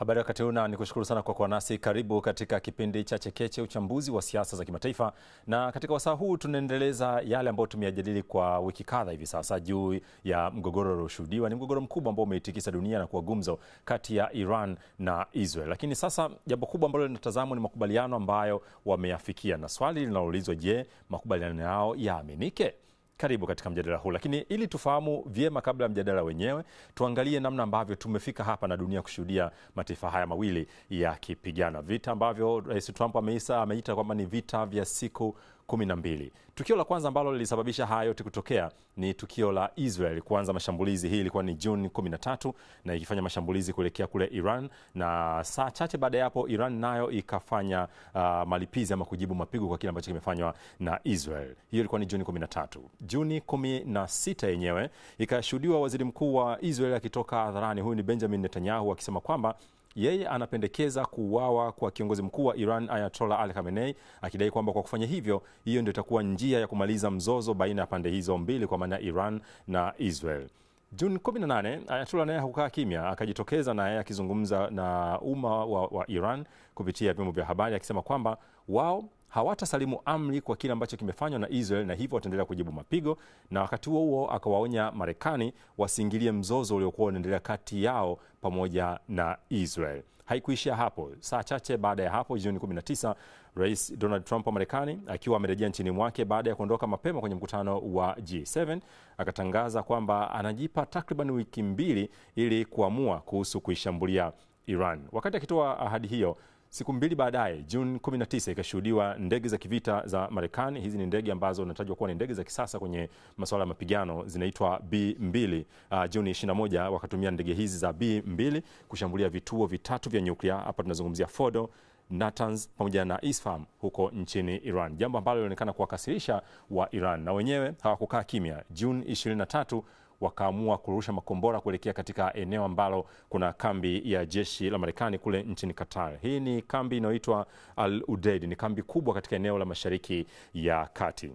Habari wakati huu na kushukuru sana kwa kuwa nasi. Karibu katika kipindi cha Chekeche, uchambuzi wa siasa za kimataifa, na katika wasaa huu tunaendeleza yale ambayo tumeyajadili kwa wiki kadha hivi sasa juu ya mgogoro ulioshuhudiwa. Ni mgogoro mkubwa ambao umeitikisa dunia na kuwa gumzo kati ya Iran na Israel, lakini sasa jambo kubwa ambalo linatazamwa ni makubaliano ambayo wameyafikia, na swali linaloulizwa, je, makubaliano yao yaaminike? Karibu katika mjadala huu, lakini ili tufahamu vyema, kabla ya mjadala wenyewe, tuangalie namna ambavyo tumefika hapa na dunia kushuhudia mataifa haya mawili yakipigana vita ambavyo Rais Trump ameisa ameita kwamba ni vita vya siku 12. Tukio la kwanza ambalo lilisababisha haya yote kutokea ni tukio la Israel kuanza mashambulizi. Hii ilikuwa ni Juni 13 na ikifanya mashambulizi kuelekea kule Iran, na saa chache baada ya hapo Iran nayo ikafanya uh, malipizi ama kujibu mapigo kwa kile ambacho kimefanywa na Israel. Hiyo ilikuwa ni Juni 13. Juni 16 yenyewe ikashuhudiwa waziri mkuu wa Israel akitoka hadharani, huyu ni Benjamin Netanyahu akisema kwamba yeye anapendekeza kuuawa kwa kiongozi mkuu wa Iran Ayatollah Ali Khamenei, akidai kwamba kwa kufanya hivyo, hiyo ndio itakuwa njia ya kumaliza mzozo baina ya pande hizo mbili, kwa maana ya Iran na Israel. Juni 18 ayatola naye hakukaa kimya, akajitokeza naye akizungumza na umma wa, wa Iran kupitia vyombo vya habari akisema kwamba wao hawatasalimu amri kwa kile ambacho kimefanywa na Israel na hivyo wataendelea kujibu mapigo. Na wakati huo huo akawaonya Marekani wasiingilie mzozo uliokuwa unaendelea kati yao pamoja na Israel. Haikuishia hapo. Saa chache baada ya hapo, Juni 19, Rais Donald Trump wa Marekani akiwa amerejea nchini mwake baada ya kuondoka mapema kwenye mkutano wa G7 akatangaza kwamba anajipa takriban wiki mbili ili kuamua kuhusu kuishambulia Iran. Wakati akitoa ahadi hiyo Siku mbili baadaye, Juni 19 ikashuhudiwa ndege za kivita za Marekani. Hizi ni ndege ambazo zinatajwa kuwa ni ndege za kisasa kwenye masuala ya mapigano, zinaitwa B2. Uh, Juni 21 wakatumia ndege hizi za B2 kushambulia vituo vitatu vya nyuklia, hapa tunazungumzia Fordo, Natanz pamoja na Isfahan huko nchini Iran, jambo ambalo lilionekana kuwakasirisha wa Iran na wenyewe hawakukaa kimya. Juni 23 wakaamua kurusha makombora kuelekea katika eneo ambalo kuna kambi ya jeshi la Marekani kule nchini Qatar. Hii ni kambi inayoitwa Al Udeid, ni kambi kubwa katika eneo la Mashariki ya Kati.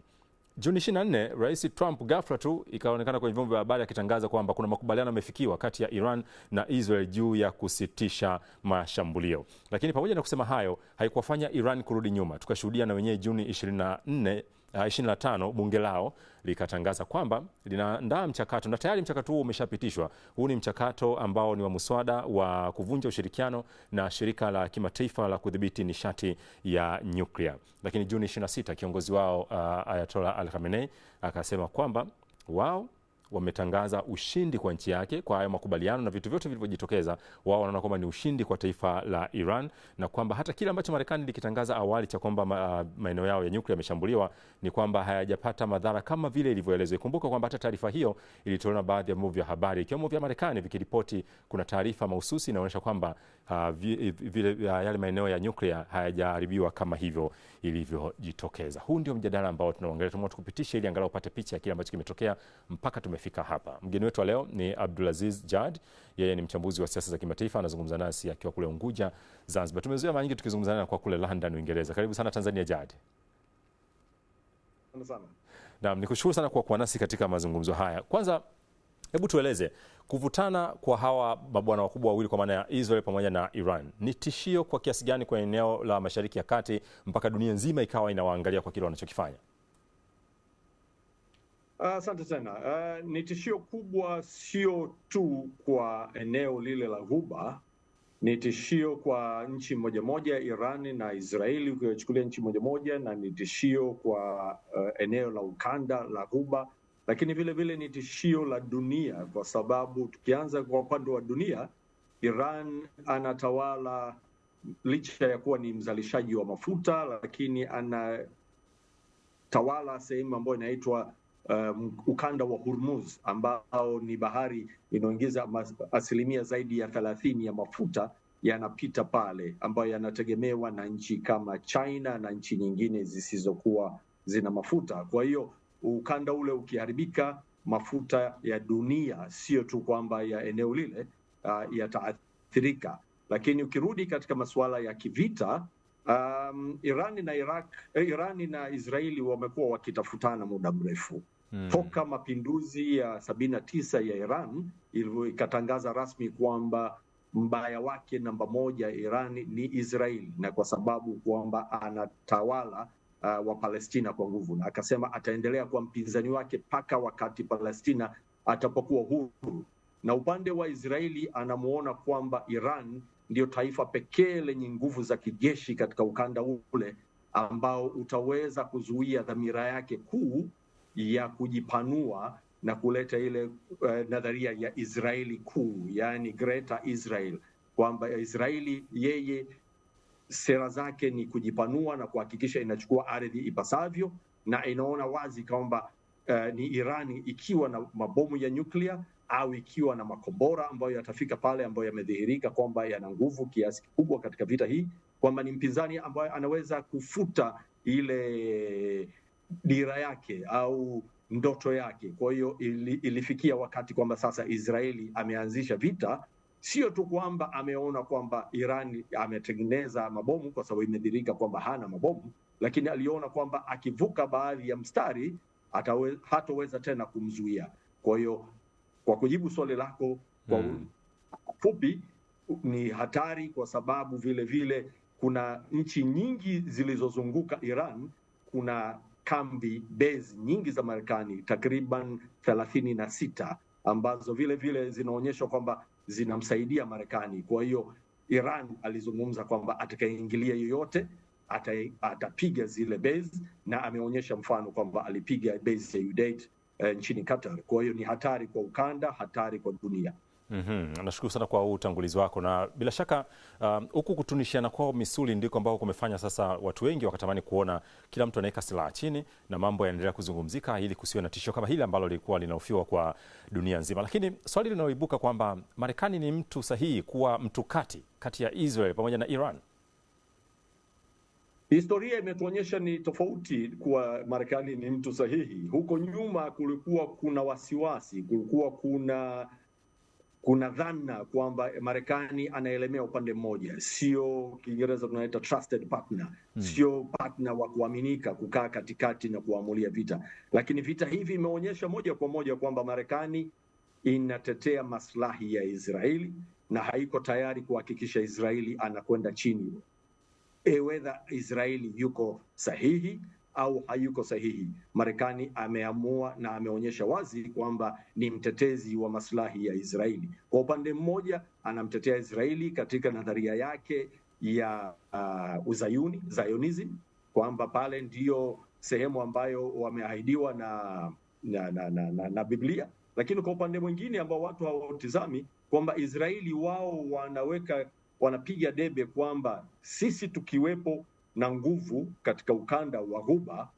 Juni 24 Rais Trump ghafla tu ikaonekana kwenye vyombo vya habari akitangaza kwamba kuna makubaliano yamefikiwa kati ya Iran na Israel juu ya kusitisha mashambulio. Lakini pamoja na kusema hayo haikuwafanya Iran kurudi nyuma. Tukashuhudia na wenyewe Juni 24 25 ah, bunge lao likatangaza kwamba linaandaa mchakato na tayari mchakato huo umeshapitishwa. Huu ni mchakato ambao ni wa muswada wa kuvunja ushirikiano na shirika la kimataifa la kudhibiti nishati ya nyuklia. Lakini Juni 26 kiongozi wao uh, Ayatollah Al Khamenei akasema kwamba wao wametangaza ushindi kwa nchi yake kwa hayo makubaliano na vitu vyote vilivyojitokeza. Wao wanaona kwamba ni ushindi kwa taifa la Iran na kwamba hata kile ambacho Marekani likitangaza awali cha kwamba uh, maeneo yao ya nyuklia yameshambuliwa ni kwamba hayajapata madhara kama vile ilivyoelezwa. Ikumbuka kwamba hata taarifa hiyo ilitolewa na baadhi ya vyombo vya habari ikiwemo vya Marekani vikiripoti, kuna taarifa mahususi inaonyesha kwamba uh, vile uh, yale maeneo ya nyuklia hayajaharibiwa kama hivyo ilivyojitokeza. Huu ndio mjadala ambao tunauangalia, tukupitisha ili angalau upate picha ya kile ambacho kimetokea mpaka tume amefika hapa. Mgeni wetu wa leo ni Abdulaziz Jad, yeye ni mchambuzi wa siasa za kimataifa, anazungumza nasi akiwa kule Unguja, Zanzibar. Tumezoea mara nyingi tukizungumza naye kwa kule London, Uingereza. Karibu sana Tanzania, Jad. Naam, nikushukuru sana kwa kuwa nasi katika mazungumzo haya. Kwanza hebu tueleze kuvutana kwa hawa mabwana wakubwa wawili kwa maana ya Israel pamoja na Iran ni tishio kwa kiasi gani kwa eneo la Mashariki ya Kati mpaka dunia nzima ikawa inawaangalia kwa kile wanachokifanya? Asante uh, sana uh, ni tishio kubwa, sio tu kwa eneo lile la Ghuba, ni tishio kwa nchi moja moja, Iran na Israeli ukiwachukulia nchi moja moja, na ni tishio kwa uh, eneo la ukanda la Ghuba, lakini vile vile ni tishio la dunia, kwa sababu tukianza kwa upande wa dunia, Iran anatawala licha ya kuwa ni mzalishaji wa mafuta, lakini anatawala sehemu ambayo inaitwa um, ukanda wa Hormuz ambao ni bahari inaoingiza asilimia zaidi ya thelathini ya mafuta yanapita pale, ambayo yanategemewa na nchi kama China na nchi nyingine zisizokuwa zina mafuta. Kwa hiyo ukanda ule ukiharibika, mafuta ya dunia sio tu kwamba ya eneo lile uh, yataathirika. Lakini ukirudi katika masuala ya kivita um, Irani na Iraq, eh, Irani na Israeli wamekuwa wakitafutana muda mrefu Hmm. Toka mapinduzi ya sabini na tisa ya Iran ikatangaza rasmi kwamba mbaya wake namba moja Iran ni Israeli, na kwa sababu kwamba anatawala uh, wa Palestina kwa nguvu, na akasema ataendelea kuwa mpinzani wake mpaka wakati Palestina atapokuwa huru, na upande wa Israeli anamuona kwamba Iran ndiyo taifa pekee lenye nguvu za kijeshi katika ukanda ule ambao utaweza kuzuia dhamira yake kuu ya kujipanua na kuleta ile uh, nadharia ya Israeli kuu, yani Greater Israel, kwamba Israeli yeye sera zake ni kujipanua na kuhakikisha inachukua ardhi ipasavyo, na inaona wazi kwamba uh, ni Irani ikiwa na mabomu ya nyuklia au ikiwa na makombora ambayo yatafika pale, ambayo yamedhihirika kwamba yana nguvu kiasi kikubwa katika vita hii, kwamba ni mpinzani ambaye anaweza kufuta ile dira yake au ndoto yake. Kwa hiyo ili, ilifikia wakati kwamba sasa Israeli ameanzisha vita, sio tu kwamba ameona kwamba Iran ametengeneza mabomu, kwa sababu imedhirika kwamba hana mabomu, lakini aliona kwamba akivuka baadhi ya mstari atawe, hatoweza tena kumzuia. Kwa hiyo kwa kujibu swali lako kwa hmm, fupi ni hatari, kwa sababu vile vile kuna nchi nyingi zilizozunguka Iran kuna kambi base nyingi za Marekani takriban thelathini na sita ambazo vile vile zinaonyeshwa kwamba zinamsaidia Marekani. Kwa hiyo Iran alizungumza kwamba atakayeingilia yoyote atapiga zile base, na ameonyesha mfano kwamba alipiga base ya Udeid eh, nchini Qatar. Kwa hiyo ni hatari kwa ukanda, hatari kwa dunia. Mm -hmm. Nashukuru sana kwa utangulizi wako na bila shaka um, huku um, kutunishiana kwao misuli ndiko ambao kumefanya sasa watu wengi wakatamani kuona kila mtu anaweka silaha chini na mambo yanaendelea kuzungumzika ili kusiwe na tishio kama hili ambalo lilikuwa linahofiwa kwa dunia nzima. Lakini swali linaloibuka kwamba Marekani ni mtu sahihi kuwa mtu kati kati ya Israel pamoja na Iran. Historia imetuonyesha ni tofauti kuwa Marekani ni mtu sahihi. Huko nyuma kulikuwa kuna wasiwasi, kulikuwa kuna kuna dhana kwamba Marekani anaelemea upande mmoja, sio Kiingereza tunaita trusted partner, hmm. sio partner wa kuaminika kukaa katikati na kuamulia vita. Lakini vita hivi imeonyesha moja kwa moja kwamba Marekani inatetea maslahi ya Israeli na haiko tayari kuhakikisha Israeli anakwenda chini, ewedha eh, Israeli yuko sahihi au hayuko sahihi. Marekani ameamua na ameonyesha wazi kwamba ni mtetezi wa maslahi ya Israeli. Kwa upande mmoja, anamtetea Israeli katika nadharia yake ya uh, uzayuni Zionism, kwamba pale ndiyo sehemu ambayo wameahidiwa na na, na, na, na na Biblia, lakini kwa upande mwingine ambao watu hawatizami kwamba Israeli wao wanaweka wanapiga debe kwamba sisi tukiwepo na nguvu katika ukanda wa Ghuba,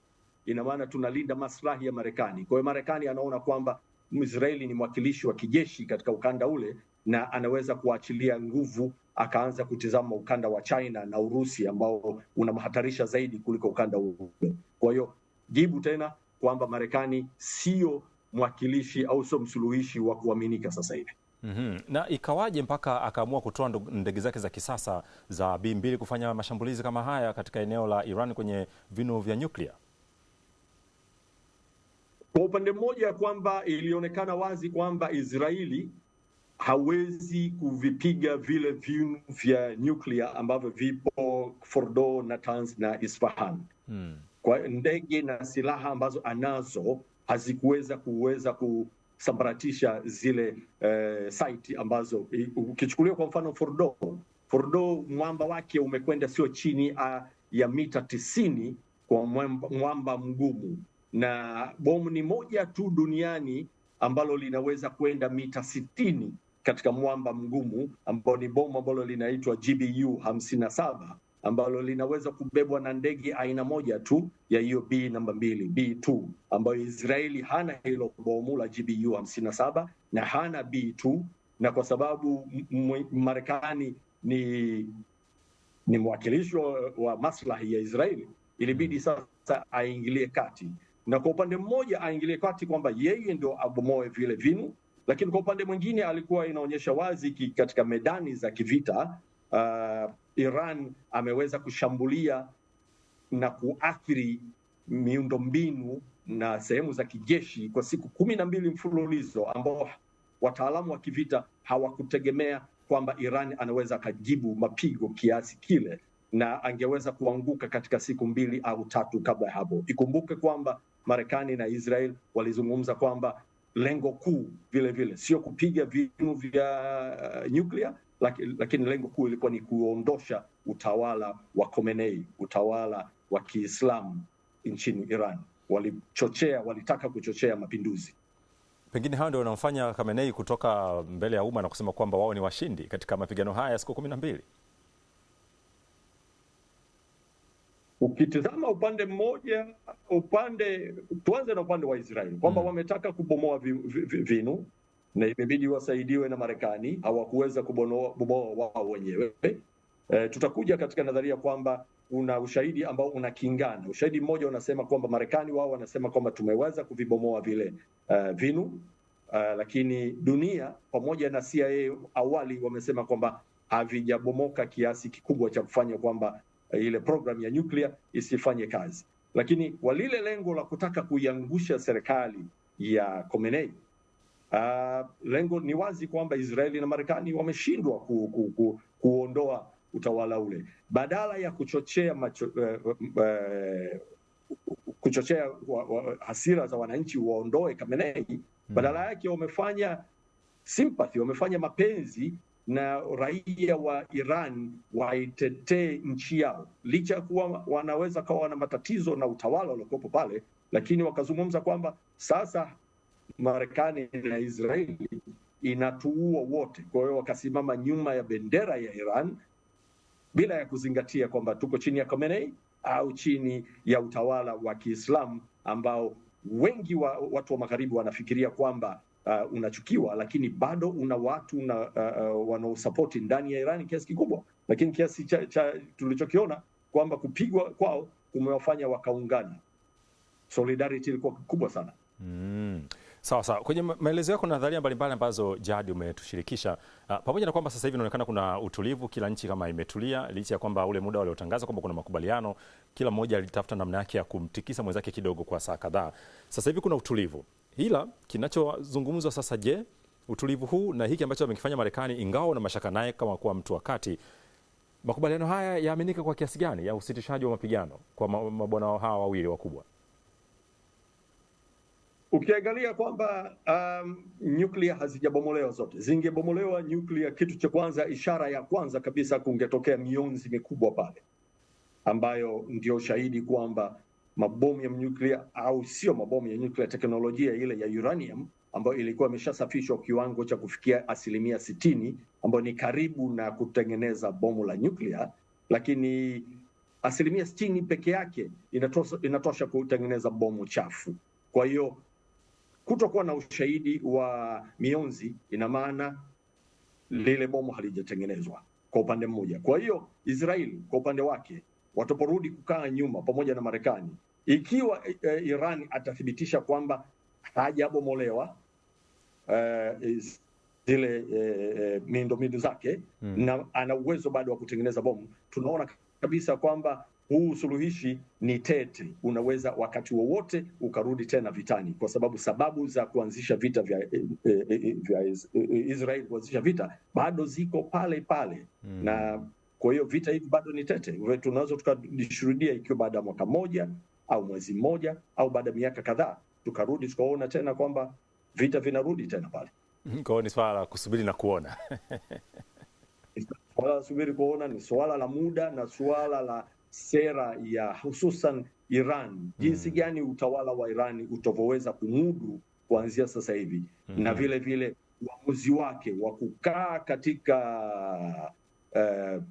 ina maana tunalinda maslahi ya Marekani. Kwa hiyo Marekani anaona kwamba Israeli ni mwakilishi wa kijeshi katika ukanda ule na anaweza kuachilia nguvu akaanza kutizama ukanda wa China na Urusi ambao unamhatarisha zaidi kuliko ukanda ule. Kwa hiyo jibu tena kwamba Marekani sio mwakilishi au sio msuluhishi wa kuaminika sasa hivi. Mm -hmm. Na ikawaje mpaka akaamua kutoa ndege zake za kisasa za B2 kufanya mashambulizi kama haya katika eneo la Iran kwenye vinu vya nyuklia? Kwa upande mmoja, kwamba ilionekana wazi kwamba Israeli hawezi kuvipiga vile vinu vya nyuklia ambavyo vipo Fordo, Natanz na Isfahan. Mm. Kwa ndege na silaha ambazo anazo hazikuweza kuweza ku kusambaratisha zile eh, site ambazo eh, ukichukuliwa kwa mfano Fordo, Fordo mwamba wake umekwenda sio chini a, ah, ya mita tisini kwa mwamba, mwamba mgumu, na bomu ni moja tu duniani ambalo linaweza kwenda mita sitini katika mwamba mgumu ambao ni bomu ambalo linaitwa GBU 57 ambalo linaweza kubebwa na ndege aina moja tu ya hiyo B namba mbili B2, ambayo Israeli hana hilo bomu la GBU 57 na hana B2, na kwa sababu Marekani ni ni mwakilishi wa maslahi ya Israeli, ilibidi sasa aingilie kati, na kwa upande mmoja aingilie kati kwamba yeye ndio abomoe vile vinu, lakini kwa upande mwingine alikuwa inaonyesha wazi katika medani za kivita uh, Iran ameweza kushambulia na kuathiri miundombinu na sehemu za kijeshi kwa siku kumi na mbili mfululizo ambao wataalamu wa kivita hawakutegemea kwamba Iran anaweza akajibu mapigo kiasi kile na angeweza kuanguka katika siku mbili au tatu kabla ya hapo. Ikumbuke kwamba Marekani na Israel walizungumza kwamba lengo kuu vile vile sio kupiga vinu vya uh, eh, nyuklia lakini, lakini lengo kuu ilikuwa ni kuondosha utawala wa Khomeini, utawala wa Kiislamu nchini Iran. Walichochea, walitaka kuchochea mapinduzi. Pengine hao ndio wanamfanya Khamenei kutoka mbele ya umma na kusema kwamba wao ni washindi katika mapigano haya ya siku kumi na mbili. Ukitizama upande mmoja, upande tuanze na upande wa Israeli kwamba mm, wametaka kubomoa vinu vi, vi, na imebidi wasaidiwe na Marekani, hawakuweza kubomoa wao wenyewe. E, tutakuja katika nadharia kwamba kuna ushahidi ambao unakingana. Ushahidi mmoja unasema kwamba Marekani wao wanasema kwamba tumeweza kuvibomoa vile uh, vinu uh, lakini dunia pamoja na CIA awali wamesema kwamba havijabomoka kiasi kikubwa cha kufanya kwamba uh, ile programu ya nyuklia isifanye kazi, lakini kwa lile lengo la kutaka kuiangusha serikali ya Khomeini Uh, lengo ni wazi kwamba Israeli na Marekani wameshindwa ku, ku, ku, kuondoa utawala ule, badala ya kuchochea macho, uh, uh, kuchochea wa, wa, hasira za wananchi waondoe Khamenei, hmm. badala yake wamefanya sympathy, wamefanya mapenzi na raia wa Iran waitetee nchi yao, licha ya kuwa wanaweza kawa wana matatizo na utawala uliokuwepo pale, lakini wakazungumza kwamba sasa Marekani na Israeli inatuua wote. Kwa hiyo wakasimama nyuma ya bendera ya Iran bila ya kuzingatia kwamba tuko chini ya Khamenei au chini ya utawala wa Kiislamu ambao wengi wa watu wa magharibi wanafikiria kwamba uh, unachukiwa, lakini bado una watu na uh, uh wanaosapoti ndani ya iran kiasi kikubwa, lakini kiasi cha, cha tulichokiona kwamba kupigwa kwao kumewafanya wakaungana. Solidarity ilikuwa kubwa sana mm. Sawa sawa. Kwenye maelezo yako na nadharia mbalimbali ambazo Jadi umetushirikisha, ah, pamoja na kwamba sasa hivi inaonekana kuna utulivu, kila nchi kama imetulia, licha ya kwamba ule muda waliotangaza kwamba kuna makubaliano, kila mmoja alitafuta namna yake ya kumtikisa mwenzake kidogo kwa saa kadhaa. Sasa hivi kuna utulivu, ila kinachozungumzwa sasa, je, utulivu huu na hiki ambacho amekifanya Marekani, ingawa na mashaka naye kama kuwa mtu wa kati, makubaliano haya yaaminika kwa kiasi gani ya usitishaji wa mapigano kwa mabwana hawa wawili wakubwa? Ukiangalia kwamba um, nyuklia hazijabomolewa zote. Zingebomolewa nyuklia, kitu cha kwanza, ishara ya kwanza kabisa, kungetokea mionzi mikubwa pale, ambayo ndio shahidi kwamba mabomu ya nyuklia au sio mabomu ya nyuklia, teknolojia ile ya uranium ambayo ilikuwa imeshasafishwa kiwango cha kufikia asilimia sitini, ambayo ni karibu na kutengeneza bomu la nyuklia, lakini asilimia sitini peke yake inatosha, inatosha kutengeneza bomu chafu. Kwa hiyo kutokuwa na ushahidi wa mionzi, ina maana lile bomu halijatengenezwa kwa upande mmoja. Kwa hiyo Israeli kwa upande wake watoporudi kukaa nyuma pamoja na Marekani, ikiwa e, Iran atathibitisha kwamba hajabomolewa e, zile e, miundombinu zake hmm, na ana uwezo bado wa kutengeneza bomu, tunaona kabisa kwamba huu usuluhishi ni tete, unaweza wakati wowote ukarudi tena vitani, kwa sababu sababu za kuanzisha vita vya, e, e, vya Israel kuanzisha vita bado ziko pale pale mm. na kwa hiyo vita hivi bado ni tete, tunaweza tukajishuhudia ikiwa baada ya mwaka mmoja au mwezi mmoja au baada ya miaka kadhaa tukarudi tukaona tena kwamba vita vinarudi tena pale. Kwa hiyo ni swala la kusubiri na kuona. Swala la kusubiri kuona, ni swala la muda na swala la sera ya hususan Iran, jinsi hmm. gani utawala wa Iran utavyoweza kumudu kuanzia sasa hivi mm -hmm. na vile vile uamuzi wake wa kukaa katika uh, eh,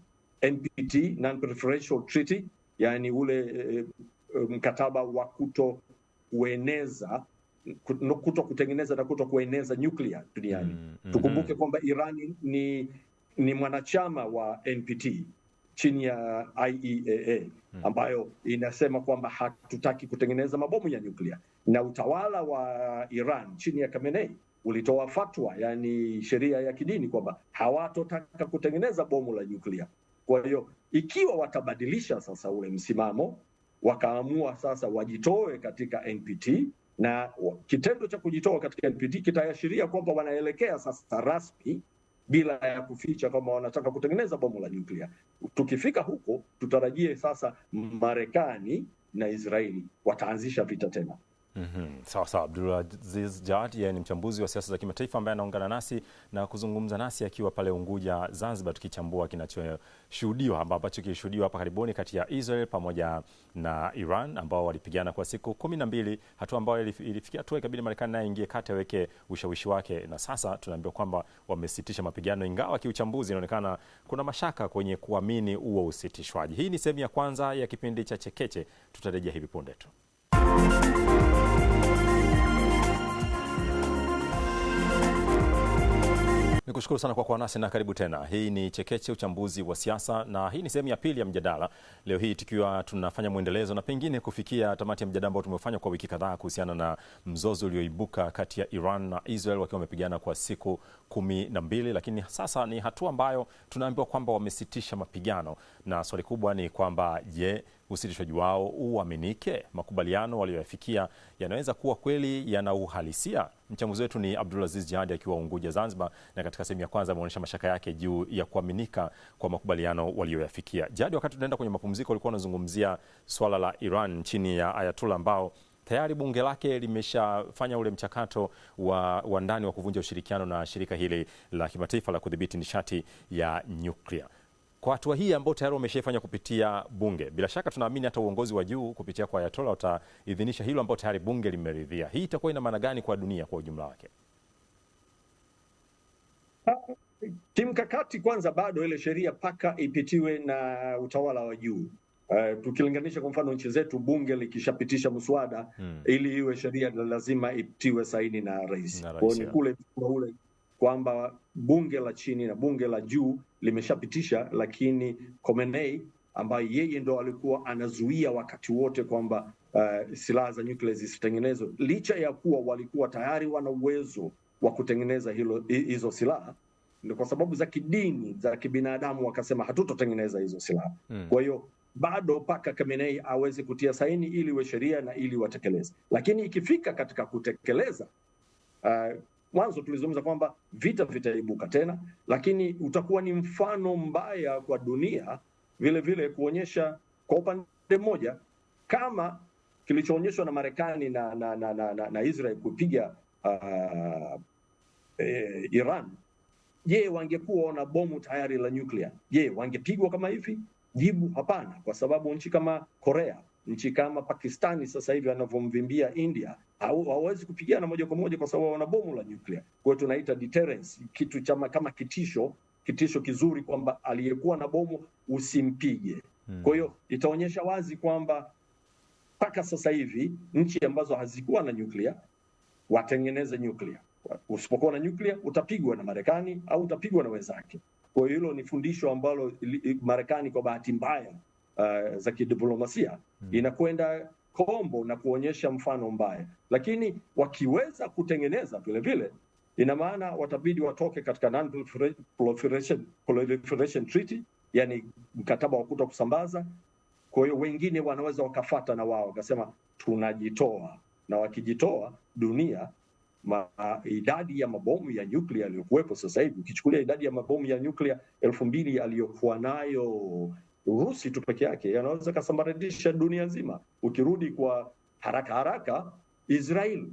NPT, non-preferential treaty, yani ule uh, mkataba wa kuto kueneza kuto kutengeneza na kuto kueneza nyuklia duniani. mm -hmm. Tukumbuke hmm. kwamba Iran ni, ni mwanachama wa NPT chini ya IEAA hmm. ambayo inasema kwamba hatutaki kutengeneza mabomu ya nyuklia, na utawala wa Iran chini ya Khamenei ulitoa fatwa, yani sheria ya kidini kwamba hawatotaka kutengeneza bomu la nyuklia. Kwa hiyo ikiwa watabadilisha sasa ule msimamo, wakaamua sasa wajitoe katika NPT, na kitendo cha kujitoa katika NPT kitaashiria kwamba wanaelekea sasa rasmi bila ya kuficha kwamba wanataka kutengeneza bomu la nyuklia. Tukifika huko, tutarajie sasa Marekani na Israeli wataanzisha vita tena. Mm -hmm. Sawa sawa. Abdulaziz Jad yeye ni mchambuzi wa siasa za kimataifa ambaye anaungana nasi na kuzungumza nasi akiwa pale Unguja, Zanzibar, tukichambua kinachoshuhudiwa ambacho kilishuhudiwa hapa karibuni kati ya Israel pamoja na Iran ambao walipigana kwa siku kumi na mbili, hatua ambayo ilifikia hatua ikabidi Marekani naye ingie kati aweke ushawishi wake, na sasa tunaambiwa kwamba wamesitisha mapigano, ingawa kiuchambuzi inaonekana kuna mashaka kwenye kuamini huo usitishwaji. Hii ni sehemu ya kwanza ya kipindi cha Chekeche, tutarejea hivi punde tu. Ni kushukuru sana kwa kuwa nasi na karibu tena. Hii ni Chekeche, uchambuzi wa siasa, na hii ni sehemu ya pili ya mjadala. Leo hii tukiwa tunafanya mwendelezo na pengine kufikia tamati ya mjadala ambao tumefanya kwa wiki kadhaa kuhusiana na mzozo ulioibuka kati ya Iran na Israel wakiwa wamepigana kwa siku kumi na mbili, lakini sasa ni hatua ambayo tunaambiwa kwamba wamesitisha mapigano, na swali kubwa ni kwamba je, usitishaji wao uaminike? Makubaliano waliyoyafikia yanaweza kuwa kweli yana uhalisia? Mchambuzi wetu ni Abdulaziz Jihadi akiwa Unguja, Zanzibar, na katika sehemu ya kwanza ameonyesha mashaka yake juu ya kuaminika kwa makubaliano waliyoyafikia. Jihadi, wakati tunaenda kwenye mapumziko, ulikuwa unazungumzia swala la Iran chini ya Ayatullah ambao tayari bunge lake limeshafanya ule mchakato wa, wa ndani wa kuvunja ushirikiano na shirika hili la kimataifa la kudhibiti nishati ya nyuklia. Kwa hatua hii ambao tayari wameshaifanya kupitia bunge, bila shaka tunaamini hata uongozi wa juu kupitia kwa Ayatollah utaidhinisha hilo ambao tayari bunge limeridhia. Hii itakuwa ina maana gani kwa dunia kwa ujumla wake? Kimkakati kwanza, bado ile sheria mpaka ipitiwe na utawala wa juu. Uh, tukilinganisha kwa mfano nchi zetu bunge likishapitisha mswada hmm, ili iwe sheria lazima ipitiwe saini na rais. Kwa ni kule ule kwamba bunge la chini na bunge la juu limeshapitisha, lakini Khamenei ambaye yeye ndo alikuwa anazuia wakati wote kwamba uh, silaha za nyuklia zisitengenezwe, licha ya kuwa walikuwa tayari wana uwezo wa kutengeneza hilo hizo silaha, ni kwa sababu za kidini za kibinadamu wakasema hatutotengeneza hizo silaha hmm. Kwa hiyo bado mpaka Khamenei aweze kutia saini ili iwe sheria na ili watekeleze, lakini ikifika katika kutekeleza uh, mwanzo tulizungumza kwamba vita vitaibuka tena, lakini utakuwa ni mfano mbaya kwa dunia vile vile, kuonyesha kwa upande mmoja kama kilichoonyeshwa na Marekani na, na, na, na, na, na Israel kupiga uh, ah, eh, Iran. Je, wangekuwa na bomu tayari la nyuklia, je, wangepigwa kama hivi? Jibu hapana, kwa sababu nchi kama Korea nchi kama Pakistani sasa hivi wanavyomvimbia India hawawezi kupigana moja kwa moja kwa sababu wana bomu la nyuklia. Kwa hiyo tunaita deterrence, kitu chama kama kitisho, kitisho kizuri kwamba aliyekuwa na bomu usimpige. Hmm. Kwa hiyo itaonyesha wazi kwamba mpaka sasa hivi nchi ambazo hazikuwa na nyuklia watengeneze nyuklia. Usipokuwa na nyuklia utapigwa na Marekani au utapigwa na wenzake. Kwa hiyo hilo ni fundisho ambalo Marekani kwa bahati mbaya uh, za kidiplomasia hmm. inakwenda kombo na kuonyesha mfano mbaya, lakini wakiweza kutengeneza vile vile, ina maana watabidi watoke katika non-proliferation, proliferation treaty, yani mkataba wa kuto kusambaza. Kwa hiyo wengine wanaweza wakafata na wao wakasema tunajitoa, na wakijitoa dunia ma, idadi ya mabomu ya nyuklia yaliyokuwepo sasa hivi, ukichukulia idadi ya mabomu ya nyuklia elfu mbili aliyokuwa nayo Urusi tu peke yake yanaweza kasambaratisha dunia nzima. Ukirudi kwa haraka haraka, Israel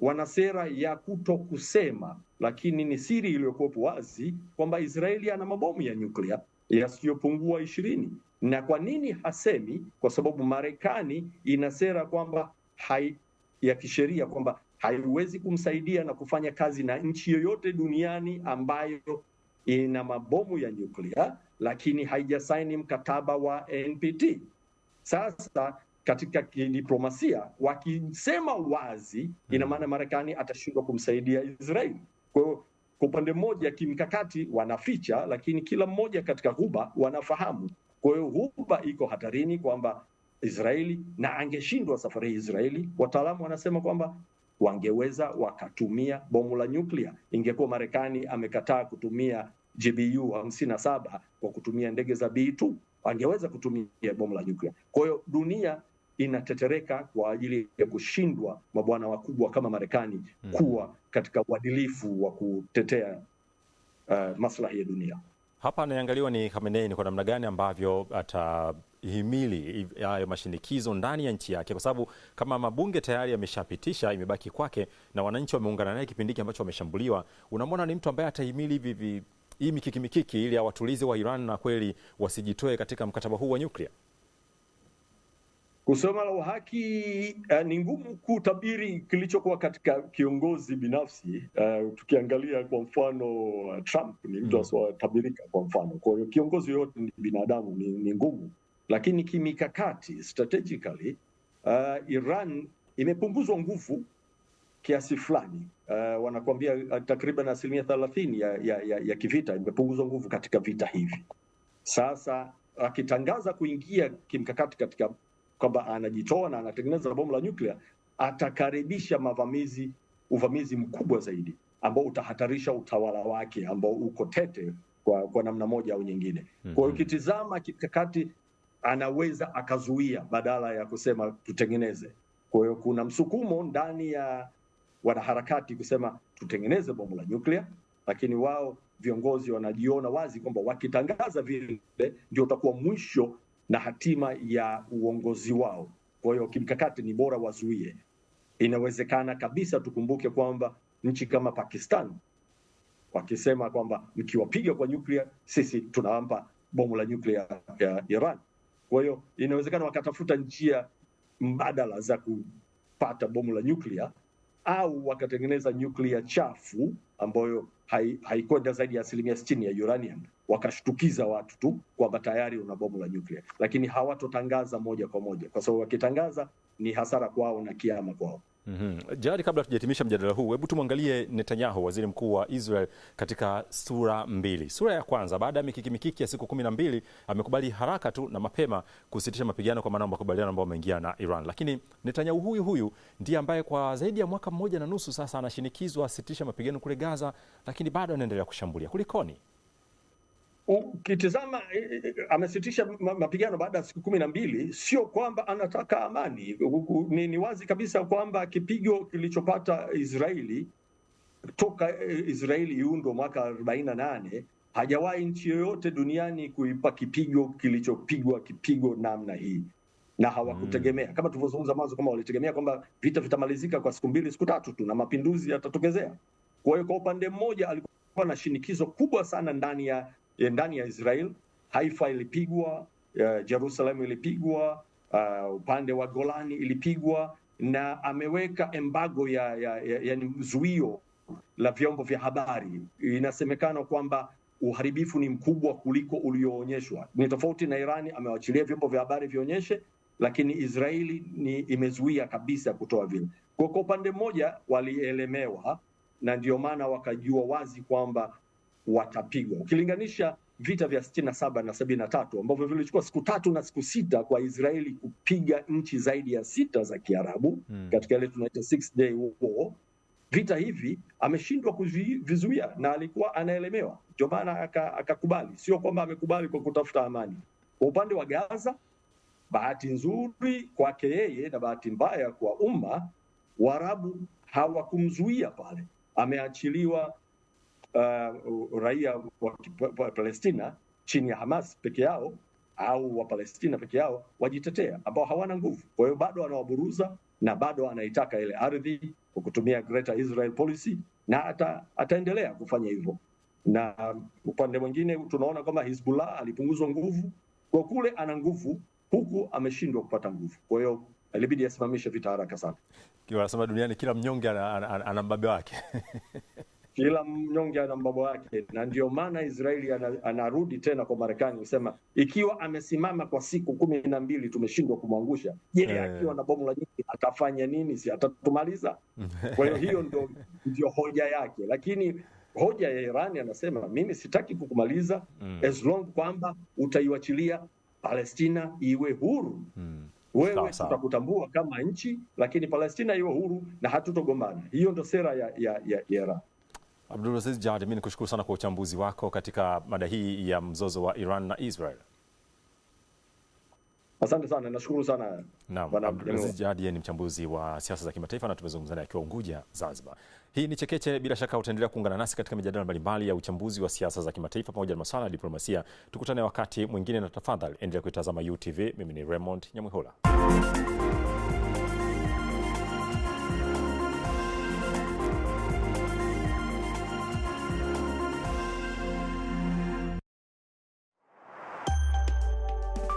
wana sera ya kuto kusema, lakini ni siri iliyokuwepo wazi kwamba Israeli ana mabomu ya nyuklia yasiyopungua ishirini. Na kwa nini hasemi? Kwa sababu Marekani ina sera kwamba hai ya kisheria kwamba haiwezi kumsaidia na kufanya kazi na nchi yoyote duniani ambayo ina mabomu ya nyuklia lakini haijasaini mkataba wa NPT. Sasa katika kidiplomasia wakisema wazi, hmm. ina maana Marekani atashindwa kumsaidia Israeli. Kwa hiyo kwa upande mmoja kimkakati wanaficha, lakini kila mmoja katika huba wanafahamu. Kwa hiyo ghuba iko hatarini kwamba Israeli na angeshindwa safari hii Israeli, wataalamu wanasema kwamba wangeweza wakatumia bomu la nyuklia. Ingekuwa Marekani amekataa kutumia JBU hamsini na saba kwa kutumia ndege za B2, angeweza kutumia bomu la nyuklia. Kwa hiyo dunia inatetereka kwa ajili ya kushindwa mabwana wakubwa kama Marekani hmm. kuwa katika uadilifu wa kutetea uh, maslahi ya dunia. Hapa anayeangaliwa ni Khamenei, ni kwa namna gani ambavyo atahimili hayo mashinikizo ndani ya nchi yake, kwa sababu kama mabunge tayari yameshapitisha, imebaki kwake na wananchi wameungana naye kipindi hiki ambacho wameshambuliwa. Unamwona ni mtu ambaye atahimili hivi hii mikiki mikiki ili awatulize wa Iran na kweli wasijitoe katika mkataba huu wa nyuklia? Kusema la uhaki uh, eh, ni ngumu kutabiri kilichokuwa katika kiongozi binafsi. Uh, tukiangalia kwa mfano uh, Trump ni mtu mm. asiyetabirika kwa mfano. Kwa hiyo kiongozi yoyote ni binadamu, ni, ni ngumu, lakini kimikakati strategically, uh, Iran imepunguzwa nguvu kiasi fulani uh, wanakuambia eh, takriban asilimia thelathini ya, ya, ya, ya kivita imepunguzwa nguvu katika vita hivi. Sasa akitangaza kuingia kimkakati katika kwamba anajitoa na anatengeneza bomu la nyuklia, atakaribisha mavamizi, uvamizi mkubwa zaidi ambao utahatarisha utawala wake ambao uko tete kwa, kwa namna moja au nyingine. Mhm. Kwa hiyo ukitizama kimkakati, anaweza akazuia badala ya kusema tutengeneze. Kwa hiyo kuna msukumo ndani ya wanaharakati kusema tutengeneze bomu la nyuklia, lakini wao viongozi wanajiona wazi kwamba wakitangaza vile ndio utakuwa mwisho na hatima ya uongozi wao. Kwa hiyo kimkakati ni bora wazuie. Inawezekana kabisa, tukumbuke kwamba nchi kama Pakistan wakisema kwamba mkiwapiga kwa nyuklia, sisi tunawampa bomu la nyuklia ya Iran. Kwa hiyo inawezekana wakatafuta njia mbadala za kupata bomu la nyuklia au wakatengeneza nyuklia chafu ambayo haikwenda hai zaidi ya asilimia sitini ya uranium, wakashtukiza watu tu kwamba tayari una bomu la nyuklia, lakini hawatotangaza moja kwa moja, kwa sababu wakitangaza ni hasara kwao na kiama kwao. Mm -hmm. Jari, kabla tujahitimisha mjadala huu, hebu tumwangalie Netanyahu, waziri mkuu wa Israel, katika sura mbili. Sura ya kwanza, baada ya mikiki mikiki ya siku kumi na mbili, amekubali haraka tu na mapema kusitisha mapigano kwa maana makubaliano ambayo ameingia na Iran, lakini Netanyahu huyu huyu ndiye ambaye kwa zaidi ya mwaka mmoja na nusu sasa anashinikizwa asitisha mapigano kule Gaza, lakini bado anaendelea kushambulia. Kulikoni? ukitizama eh, eh, amesitisha mapigano baada ya siku kumi na mbili, sio kwamba anataka amani. Ni, ni wazi kabisa kwamba kipigo kilichopata Israeli toka eh, Israeli iundwa mwaka arobaini na nane hajawahi nchi yoyote duniani kuipa kipigo kilichopigwa kipigo namna hii na hawakutegemea mm. Kama tulivyozungumza mwanzo, kama walitegemea kwamba vita vitamalizika kwa siku mbili siku tatu tu na mapinduzi yatatokezea. Kwa hiyo, kwa upande mmoja alikuwa na shinikizo kubwa sana ndani ya ndani ya Israel. Haifa ilipigwa, uh, Jerusalemu ilipigwa, uh, upande wa Golani ilipigwa, na ameweka embargo ya, ya, ya, ya zuio la vyombo vya habari. Inasemekana kwamba uharibifu ni mkubwa kuliko ulioonyeshwa. Ni tofauti na Irani, amewachilia vyombo vya habari vionyeshe, lakini Israeli ni imezuia kabisa kutoa vile. Kwa upande mmoja, walielemewa na ndio maana wakajua wazi kwamba watapigwa. Ukilinganisha vita vya sitini na saba na sabini na tatu ambavyo vilichukua siku tatu na siku sita kwa Israeli kupiga nchi zaidi ya sita za Kiarabu hmm, katika ile tunaita six day war. Vita hivi ameshindwa kuvizuia na alikuwa anaelemewa, ndio maana akakubali. Sio kwamba amekubali kwa kutafuta amani. Kwa upande wa Gaza, bahati nzuri kwake yeye na bahati mbaya kwa umma, Waarabu hawakumzuia pale, ameachiliwa uh, raia wa Palestina chini ya Hamas peke yao au Wapalestina peke yao wajitetea, ambao hawana nguvu. Kwa hiyo bado wanawaburuza na bado anaitaka ile ardhi kwa kutumia Greater Israel Policy, na ata, ataendelea kufanya hivyo. Na upande mwingine tunaona kwamba Hizbullah alipunguzwa nguvu, kwa kule ana nguvu huku ameshindwa kupata nguvu, kwa hiyo ilibidi asimamishe vita haraka sana. anasema duniani kila mnyonge ana, ana, ana, ana mbabe wake kila mnyonge ana mbabo wake, na ndio maana Israeli anarudi tena kwa Marekani kusema ikiwa amesimama kwa siku kumi na mbili tumeshindwa kumwangusha, je, yeah. akiwa na bomu la nyingi atafanya nini? Si atatumaliza? Kwa hiyo hiyo ndio, ndio hoja yake, lakini hoja ya Irani anasema mimi sitaki kukumaliza mm. as long kwamba utaiwachilia Palestina iwe huru mm. Wewe tutakutambua kama nchi, lakini Palestina iwe huru na hatutogombana. Hiyo ndo sera ya, ya, ya, ya Irani. Abdulaziz Jad, mimi nikushukuru sana kwa uchambuzi wako katika mada hii ya mzozo wa Iran na Israel. Asante sana, nashukuru sana. Naam, Abdulaziz Jad ni mchambuzi wa siasa za kimataifa na tumezungumza naye akiwa Unguja, Zanzibar. Hii ni Chekeche, bila shaka utaendelea kuungana nasi katika mijadala mbalimbali ya uchambuzi wa siasa za kimataifa pamoja na masuala ya diplomasia. Tukutane wakati mwingine, na tafadhali endelea kuitazama UTV. Mimi ni Raymond Nyamwihola.